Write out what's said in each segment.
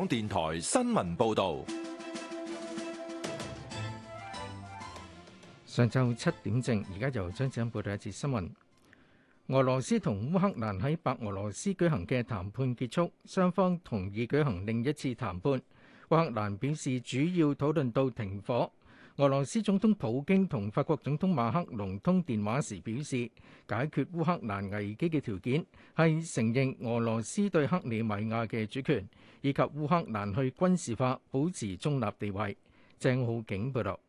港電台新聞報道。上晝七點正，而家由張子欣報道一節新聞。俄羅斯同烏克蘭喺白俄羅斯舉行嘅談判結束，雙方同意舉行另一次談判。烏克蘭表示主要討論到停火。俄羅斯總統普京同法國總統馬克龍通電話時表示，解決烏克蘭危機嘅條件係承認俄羅斯對克里米亞嘅主權，以及烏克蘭去軍事化，保持中立地位。鄭浩景報道。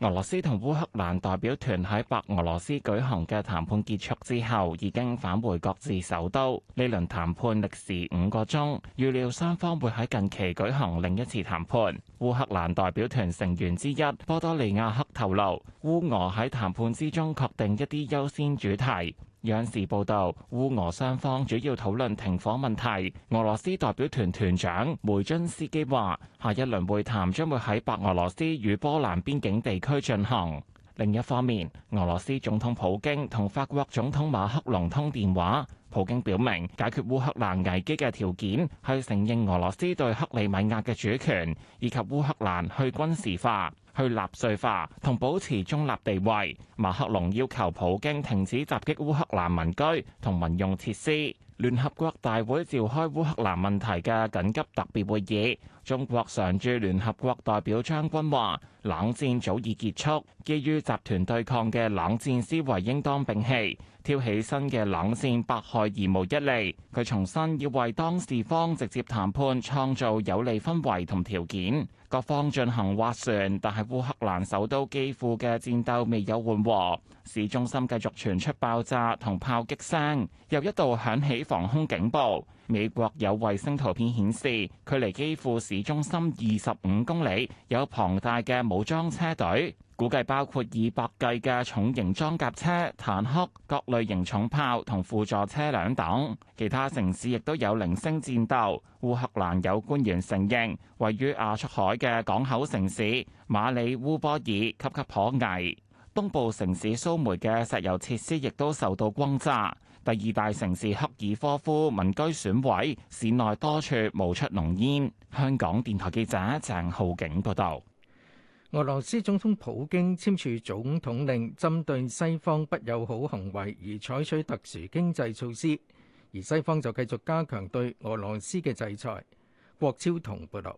俄羅斯同烏克蘭代表團喺白俄羅斯舉行嘅談判結束之後，已經返回各自首都。呢輪談判歷時五個鐘，預料三方會喺近期舉行另一次談判。烏克蘭代表團成員之一波多利亞克透露，烏俄喺談判之中確定一啲優先主題。《央視》報導，烏俄雙方主要討論停火問題。俄羅斯代表團團長梅津斯基話：下一輪會談將會喺白俄羅斯與波蘭邊境地區進行。另一方面，俄羅斯總統普京同法國總統馬克龍通電話，普京表明解決烏克蘭危機嘅條件係承認俄羅斯對克里米亞嘅主權，以及烏克蘭去軍事化。去納粹化同保持中立地位。馬克龍要求普京停止襲擊烏克蘭民居同民用設施。聯合國大會召開烏克蘭問題嘅緊急特別會議。中國常駐聯合國代表張軍話：冷戰早已結束，基於集團對抗嘅冷戰思維應當摒棄，挑起新嘅冷戰百害而無一利。佢重申要為當事方直接談判創造有利氛圍同條件。各方進行划船，但係烏克蘭首都基輔嘅戰鬥未有緩和，市中心繼續傳出爆炸同炮擊聲，又一度響起防空警報。美國有衛星圖片顯示，距離基輔市中心二十五公里，有龐大嘅武裝車隊。估計包括二百計嘅重型裝甲車、坦克、各類型重炮同輔助車輛等。其他城市亦都有零星戰鬥。烏克蘭有官員承認，位於亞速海嘅港口城市馬里烏波爾岌岌可危。東部城市蘇梅嘅石油設施亦都受到轟炸。第二大城市哈爾科夫民居損毀，市內多處冒出濃煙。香港電台記者鄭浩景報道。俄羅斯總統普京簽署總統令，針對西方不友好行為而採取特殊經濟措施，而西方就繼續加強對俄羅斯嘅制裁。郭超同報道，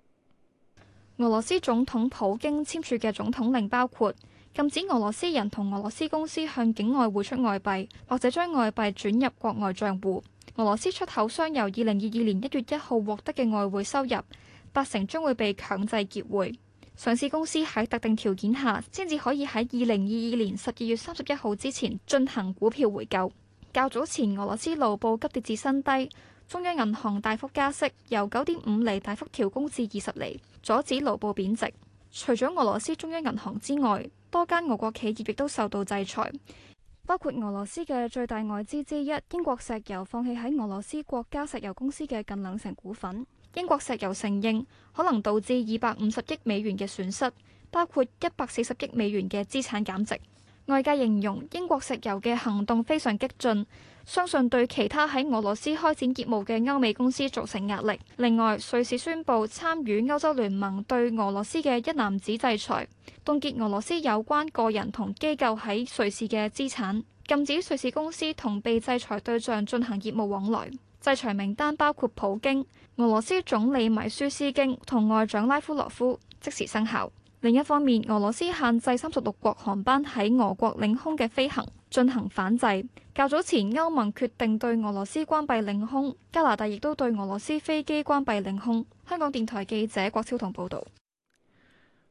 俄羅斯總統普京簽署嘅總統令包括禁止俄羅斯人同俄羅斯公司向境外匯出外幣，或者將外幣轉入國外賬戶。俄羅斯出口商由二零二二年一月一號獲得嘅外匯收入八成將會被強制結匯。上市公司喺特定條件下，先至可以喺二零二二年十二月三十一號之前進行股票回購。較早前，俄羅斯盧布急跌至新低，中央銀行大幅加息，由九點五厘大幅調高至二十厘，阻止盧布貶值。除咗俄羅斯中央銀行之外，多間俄國企業亦都受到制裁，包括俄羅斯嘅最大外資之一英國石油放棄喺俄羅斯國家石油公司嘅近兩成股份。英國石油承認可能導致二百五十億美元嘅損失，包括一百四十億美元嘅資產減值。外界形容英國石油嘅行動非常激進，相信對其他喺俄羅斯開展業務嘅歐美公司造成壓力。另外，瑞士宣布參與歐洲聯盟對俄羅斯嘅一攬子制裁，凍結俄羅斯有關個人同機構喺瑞士嘅資產。禁止瑞士公司同被制裁對象進行業務往來。制裁名單包括普京、俄羅斯總理米舒斯京同外長拉夫羅夫，即時生效。另一方面，俄羅斯限制三十六國航班喺俄國領空嘅飛行，進行反制。較早前歐盟決定對俄羅斯關閉領空，加拿大亦都對俄羅斯飛機關閉領空。香港電台記者郭超彤報道。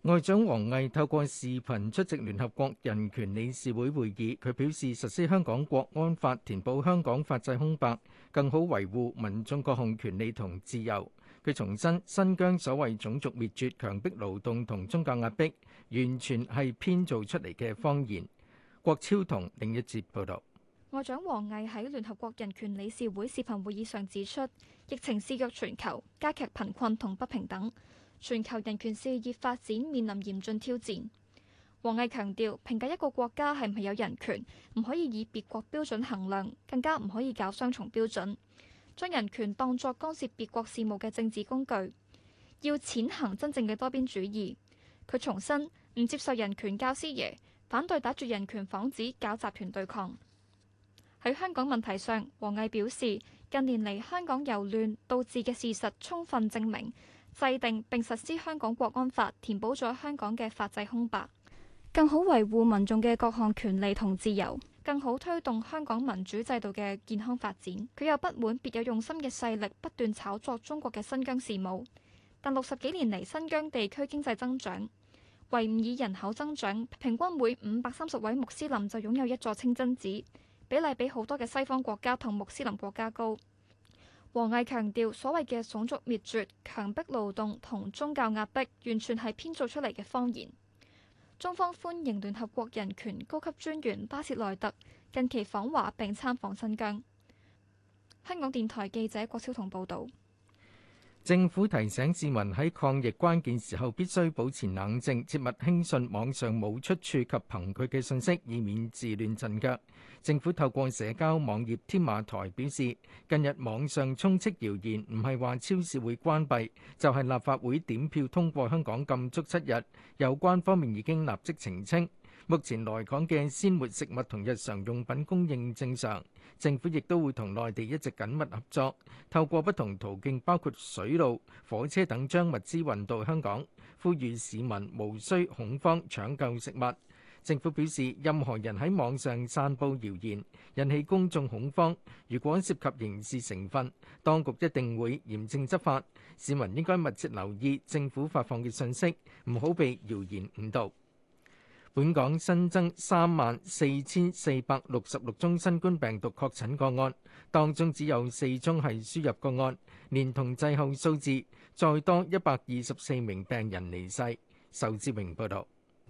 外長王毅透過視頻出席聯合國人權理事會會議，佢表示實施香港國安法填補香港法制空白，更好維護民眾各項權利同自由。佢重申新疆所謂種族滅絕、強迫勞動同宗教壓迫，完全係編造出嚟嘅謊言。郭超同另一節報道。外長王毅喺聯合國人權理事會視頻會議上指出，疫情肆虐全球，加劇貧困同不平等。全球人權事業發展面臨嚴峻挑戰，王毅強調評價一個國家係唔係有人權，唔可以以別國標準衡量，更加唔可以搞雙重標準，將人權當作干涉別國事務嘅政治工具。要踐行真正嘅多邊主義，佢重申，唔接受人權教師爺反對打住人權幌子搞集團對抗。喺香港問題上，王毅表示，近年嚟香港由亂導致嘅事實充分證明。制定並實施香港國安法，填補咗香港嘅法制空白，更好維護民眾嘅各項權利同自由，更好推動香港民主制度嘅健康發展。佢又不滿別有用心嘅勢力不斷炒作中國嘅新疆事務，但六十幾年嚟新疆地區經濟增長，維吾爾人口增長，平均每五百三十位穆斯林就擁有一座清真寺，比例比好多嘅西方國家同穆斯林國家高。王毅強調，所謂嘅種族滅絕、強迫勞動同宗教壓迫，完全係編造出嚟嘅謊言。中方歡迎聯合國人權高級專員巴切萊特近期訪華並參訪新疆。香港電台記者郭超彤報導。政府提醒市民喺抗疫關鍵時候必須保持冷靜，切勿輕信網上冇出處及憑據嘅信息，以免自亂陣腳。政府透過社交網頁添馬台表示，近日網上充斥謠言，唔係話超市會關閉，就係、是、立法會點票通過香港禁足七日，有關方面已經立即澄清。目前來港嘅鮮活食物同日常用品供應正常，政府亦都會同內地一直緊密合作，透過不同途徑，包括水路、火車等，將物資運到香港。呼籲市民無需恐慌搶救食物。政府表示，任何人喺網上散佈謠言，引起公眾恐慌，如果涉及刑事成分，當局一定會嚴正執法。市民應該密切留意政府發放嘅信息，唔好被謠言誤導。本港新增三萬四千四百六十六宗新冠病毒確診個案，當中只有四宗係輸入個案，連同滯後數字，再多一百二十四名病人離世。仇志榮報道。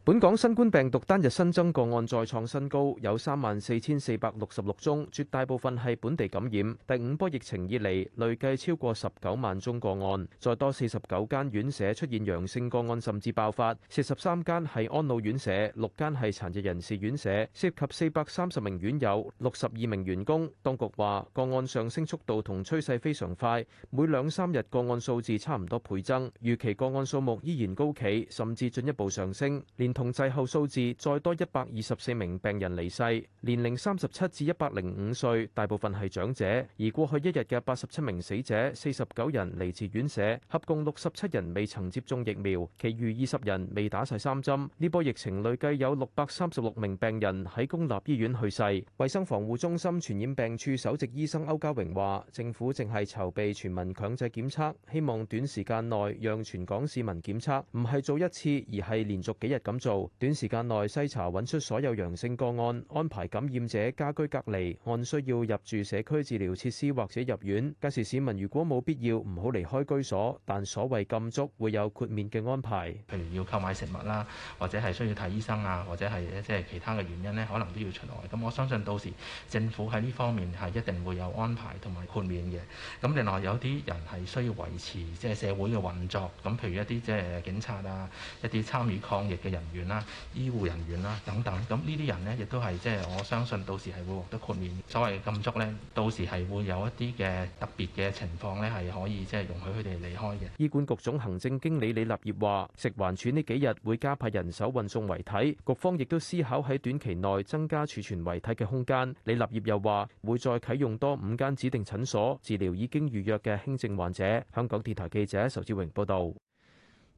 本港新冠病毒單日新增個案再創新高，有三萬四千四百六十六宗，絕大部分係本地感染。第五波疫情以嚟累計超過十九萬宗個案，再多四十九間院舍出現陽性個案，甚至爆發。四十三間係安老院舍，六間係殘疾人士院舍，涉及四百三十名院友、六十二名員工。當局話個案上升速度同趨勢非常快，每兩三日個案數字差唔多倍增，預期個案數目依然高企，甚至進一步上升。同滯後數字，再多一百二十四名病人離世，年齡三十七至一百零五歲，大部分係長者。而過去一日嘅八十七名死者，四十九人嚟自院舍，合共六十七人未曾接種疫苗，其餘二十人未打晒三針。呢波疫情累計有六百三十六名病人喺公立醫院去世。衛生防護中心傳染病處首席醫生歐家榮話，政府正係籌備全民強制檢測，希望短時間內讓全港市民檢測，唔係做一次，而係連續幾日咁。做短時間內篩查，揾出所有陽性個案，安排感染者家居隔離，按需要入住社區治療設施或者入院。屆時市民如果冇必要，唔好離開居所。但所謂禁足會有豁免嘅安排，譬如要購買食物啦，或者係需要睇醫生啊，或者係即係其他嘅原因咧，可能都要出外。咁我相信到時政府喺呢方面係一定會有安排同埋豁免嘅。咁另外有啲人係需要維持即係社會嘅運作，咁譬如一啲即係警察啊，一啲參與抗疫嘅人。員啦、醫護人員啦等等，咁呢啲人呢，亦都係即係我相信到時係會獲得豁免。所謂禁足呢，到時係會有一啲嘅特別嘅情況呢，係可以即係容許佢哋離開嘅。醫管局總行政經理李立業話，食環署呢幾日會加派人手運送遺體，局方亦都思考喺短期內增加儲存遺體嘅空間。李立業又話，會再啟用多五間指定診所治療已經預約嘅輕症患者。香港電台記者仇志榮報道。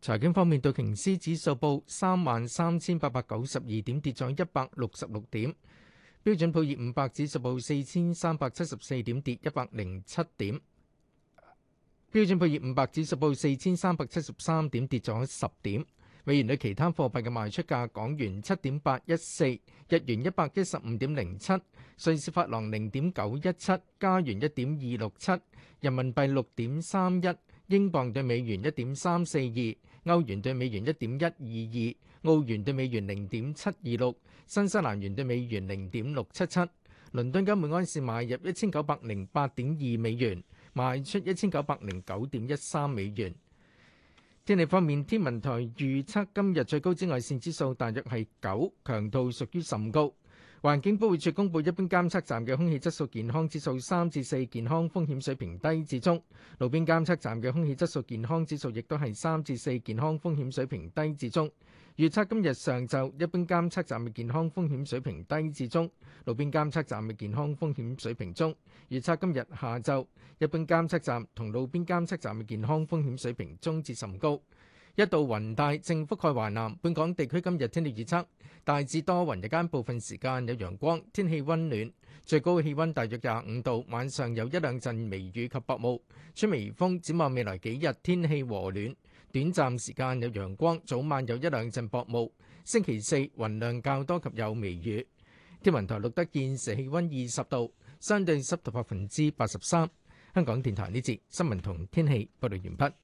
財經方面，道瓊斯指數報三萬三千八百九十二點，跌咗一百六十六點。標準普爾五百指數報四千三百七十四點，跌一百零七點。標準普爾五百指數報四千三百七十三點，跌咗十點。美元對其他貨幣嘅賣出價：港元七點八一四，日元一百一十五點零七，瑞士法郎零點九一七，加元一點二六七，人民幣六點三一，英鎊對美元一點三四二。歐元對美元一點一二二，澳元對美元零點七二六，新西蘭元對美元零點六七七。倫敦金每盎司買入一千九百零八點二美元，賣出一千九百零九點一三美元。天氣方面，天文台預測今日最高紫外線指數大約係九，強度屬於甚高。環境保護署公布一般監測站嘅空氣質素健康指數三至四，健康風險水平低至中；路邊監測站嘅空氣質素健康指數亦都係三至四，健康風險水平低至中。預測今日上晝，一般監測站嘅健康風險水平低至中；路邊監測站嘅健康風險水平中。預測今日下晝，一般監測站同路邊監測站嘅健康風險水平中至甚高。一道雲帶正覆蓋華南，本港地區今日天氣預測大致多雲，日間部分時間有陽光，天氣溫暖，最高氣溫大約廿五度。晚上有一兩陣微雨及薄霧，吹微風。展望未來幾日天氣和暖，短暫時間有陽光，早晚有一兩陣薄霧。星期四雲量較多及有微雨。天文台錄得現時氣溫二十度，相對濕度百分之八十三。香港電台呢節新聞同天氣報道完畢。